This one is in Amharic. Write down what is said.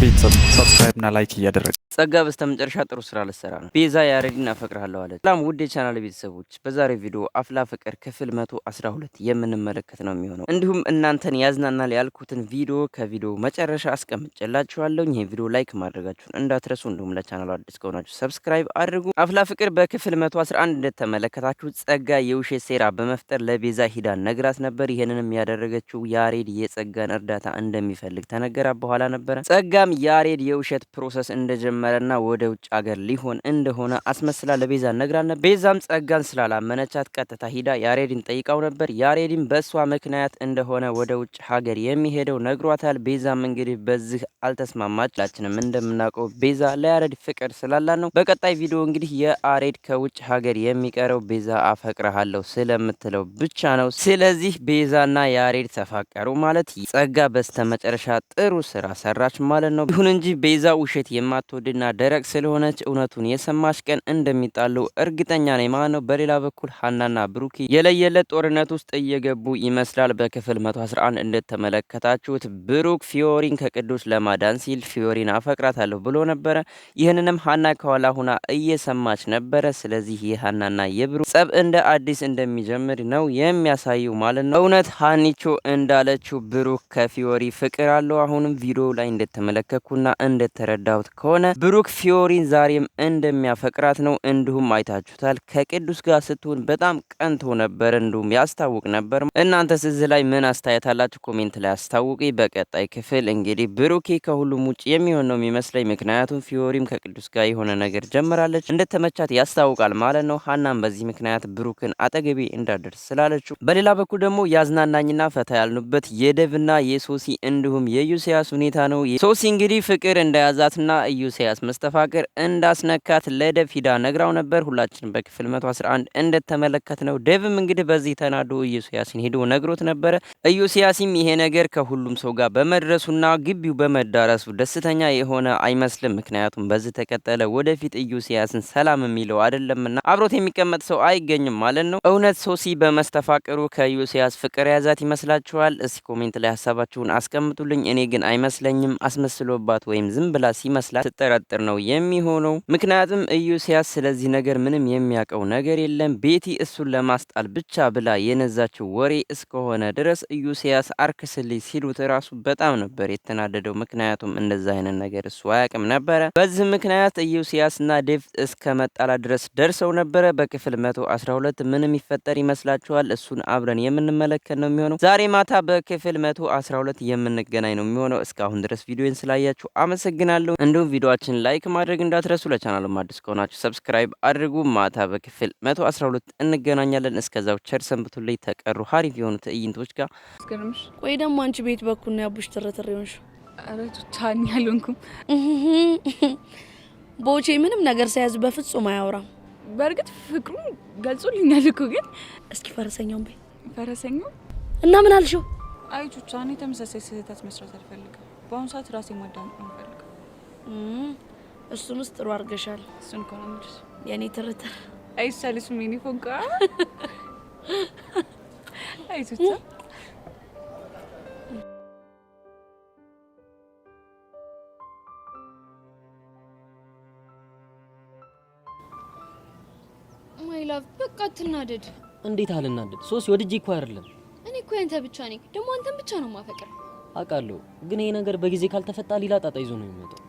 ቤተሰብ ሰብስክራይብ እና ላይክ እያደረገ ጸጋ በስተ መጨረሻ ጥሩ ስራ ልሰራ ነው። ቤዛ ያሬድን አፈቅርሃለሁ አለች። ሰላም ውድ የቻናል ቤተሰቦች፣ በዛሬ ቪዲዮ አፍላ ፍቅር ክፍል መቶ አስራ ሁለት የምንመለከት ነው የሚሆነው። እንዲሁም እናንተን ያዝናናል ያልኩትን ቪዲዮ ከቪዲዮ መጨረሻ አስቀምጨላችኋለሁ። ይህ ቪዲዮ ላይክ ማድረጋችሁን እንዳትረሱ፣ እንዲሁም ለቻናሉ አዲስ ከሆናችሁ ሰብስክራይብ አድርጉ። አፍላ ፍቅር በክፍል መቶ አስራ አንድ እንደተመለከታችሁ ጸጋ የውሸት ሴራ በመፍጠር ለቤዛ ሂዳን ነግራት ነበር። ይህንንም ያደረገችው ያሬድ የጸጋን እርዳታ እንደሚፈልግ ተነገራ በኋላ ነበረ ጸጋ እናም ያሬድ የውሸት ፕሮሰስ እንደጀመረና ወደ ውጭ አገር ሊሆን እንደሆነ አስመስላ ለቤዛ ነግራነ ቤዛም ጸጋን ስላላመነቻት ቀጥታ ሂዳ ያሬድን ጠይቃው ነበር። ያሬድም በእሷ ምክንያት እንደሆነ ወደ ውጭ ሀገር የሚሄደው ነግሯታል። ቤዛም እንግዲህ በዚህ አልተስማማችላችንም። እንደምናውቀው ቤዛ ለያሬድ ፍቅር ስላላ ነው። በቀጣይ ቪዲዮ እንግዲህ የአሬድ ከውጭ ሀገር የሚቀረው ቤዛ አፈቅረሃለሁ ስለምትለው ብቻ ነው። ስለዚህ ቤዛና ያሬድ ተፋቀሩ ማለት ጸጋ በስተመጨረሻ ጥሩ ስራ ሰራች ማለት ነው። ነው። ይሁን እንጂ ቤዛ ውሸት የማትወድና ደረቅ ስለሆነች እውነቱን የሰማች ቀን እንደሚጣሉ እርግጠኛ ነኝ ማለት ነው። በሌላ በኩል ሀናና ብሩኪ የለየለት ጦርነት ውስጥ እየገቡ ይመስላል። በክፍል 111 እንደተመለከታችሁት ብሩክ ፊዮሪን ከቅዱስ ለማዳን ሲል ፊዮሪን አፈቅራታለሁ ብሎ ነበረ። ይህንንም ሀና ከኋላ ሁና እየሰማች ነበረ። ስለዚህ የሀናና የብሩክ ጸብ እንደ አዲስ እንደሚጀምር ነው የሚያሳዩ ማለት ነው። እውነት ሀኒቾ እንዳለችው ብሩክ ከፊዮሪ ፍቅር አለው። አሁንም ቪዲዮ ላይ እንደተመለከ እንደተንበረከኩና እንደተረዳሁት ከሆነ ብሩክ ፊዮሪን ዛሬም እንደሚያፈቅራት ነው። እንዲሁም አይታችሁታል። ከቅዱስ ጋር ስትሆን በጣም ቀንቶ ነበር፣ እንዲሁም ያስታውቅ ነበር። እናንተስ እዚህ ላይ ምን አስተያየት አላችሁ? ኮሜንት ላይ አስታውቂ። በቀጣይ ክፍል እንግዲህ ብሩኬ ከሁሉም ውጭ የሚሆን ነው የሚመስለኝ። ምክንያቱም ፊዮሪም ከቅዱስ ጋር የሆነ ነገር ጀምራለች፣ እንደተመቻት ያስታውቃል ማለት ነው። ሀናም በዚህ ምክንያት ብሩክን አጠገቤ እንዳደርስ ስላለችው፣ በሌላ በኩል ደግሞ ያዝናናኝና ፈታ ያልኑበት የደብና የሶሲ እንዲሁም የዩሲያስ ሁኔታ ነው ሶሲ እንግዲህ ፍቅር እንደያዛትና ኢዮስያስ መስተፋቅር እንዳስነካት ለደብ ሂዳ ነግራው ነበር። ሁላችንም በክፍል 111 እንደተመለከት ነው። ደብም እንግዲህ በዚህ ተናዶ ኢዮስያስን ሄዶ ነግሮት ነበረ። ኢዮስያስም ይሄ ነገር ከሁሉም ሰው ጋር በመድረሱና ግቢው በመዳረሱ ደስተኛ የሆነ አይመስልም። ምክንያቱም በዚህ ተቀጠለ ወደፊት ኢዮስያስን ሰላም የሚለው አይደለምና አብሮት የሚቀመጥ ሰው አይገኝም ማለት ነው። እውነት ሶሲ በመስተፋቅሩ ከኢዮስያስ ፍቅር የያዛት ይመስላችኋል? እስቲ ኮሜንት ላይ ሀሳባችሁን አስቀምጡልኝ። እኔ ግን አይመስለኝም አስመስሉ መስሎባት ወይም ዝም ብላ ሲመስላት ትጠረጥር ነው የሚሆነው። ምክንያቱም ኢዮስያስ ስለዚህ ነገር ምንም የሚያውቀው ነገር የለም። ቤቲ እሱን ለማስጣል ብቻ ብላ የነዛችው ወሬ እስከሆነ ድረስ ኢዮስያስ አርክስልኝ ሲሉት ራሱ በጣም ነበር የተናደደው። ምክንያቱም እንደዛ አይነት ነገር እሱ አያውቅም ነበረ። በዚህ ምክንያት ኢዮስያስና ዴቭ እስከ መጣላ ድረስ ደርሰው ነበረ። በክፍል 112 ምንም ይፈጠር ይመስላችኋል? እሱን አብረን የምንመለከት ነው የሚሆነው። ዛሬ ማታ በክፍል 112 የምንገናኝ ነው የሚሆነው። እስካሁን ድረስ ቪዲዮን ስላ ስላያችሁ አመሰግናለሁ። እንዲሁም ቪዲዮችን ላይክ ማድረግ እንዳትረሱ። ለቻናሉ አዲስ ከሆናችሁ ሰብስክራይብ አድርጉ። ማታ በክፍል 112 እንገናኛለን። እስከዛው ቸር ሰንብቱልኝ። ተቀሩ ሀሪፍ የሆኑ ትዕይንቶች ጋር ቆይ ደግሞ አንቺ ቤት በኩል ነው ያቡሽ ትርትር ሆንሽ? ኧረ ቻን ያልሆንኩም ቦቼ ምንም ነገር ሳያዝ በፍጹም አያወራም። በእርግጥ ፍቅሩ ገልጾልኛል እኮ ግን እስኪ ፈረሰኛውን በይ። ፈረሰኛው እና ምን አልሽው? አይ ቹቻ እኔ ተመሳሳይ ስህተት መስራት አልፈልግም። በአሁኑ ሰዓት ራሴ ማዳመጥ እንፈልግ። እሱን ውስጥ ጥሩ አድርገሻል። እሱን ኮናምድስ የእኔ ትርትር አይሳል አይሳልስ ሚኒ ፎንቃ አይቶቻ ማይላቭ በቃ አትናደድ። እንዴት አልናደድ? ሶስ ወድጄ እኮ አይደለም። እኔ እኮ ያንተ ብቻ ነኝ። ደግሞ አንተን ብቻ ነው ማፈቅር አውቃለሁ፣ ግን ይሄ ነገር በጊዜ ካልተፈጣ ሌላ ጣጣ ይዞ ነው የሚመጣው።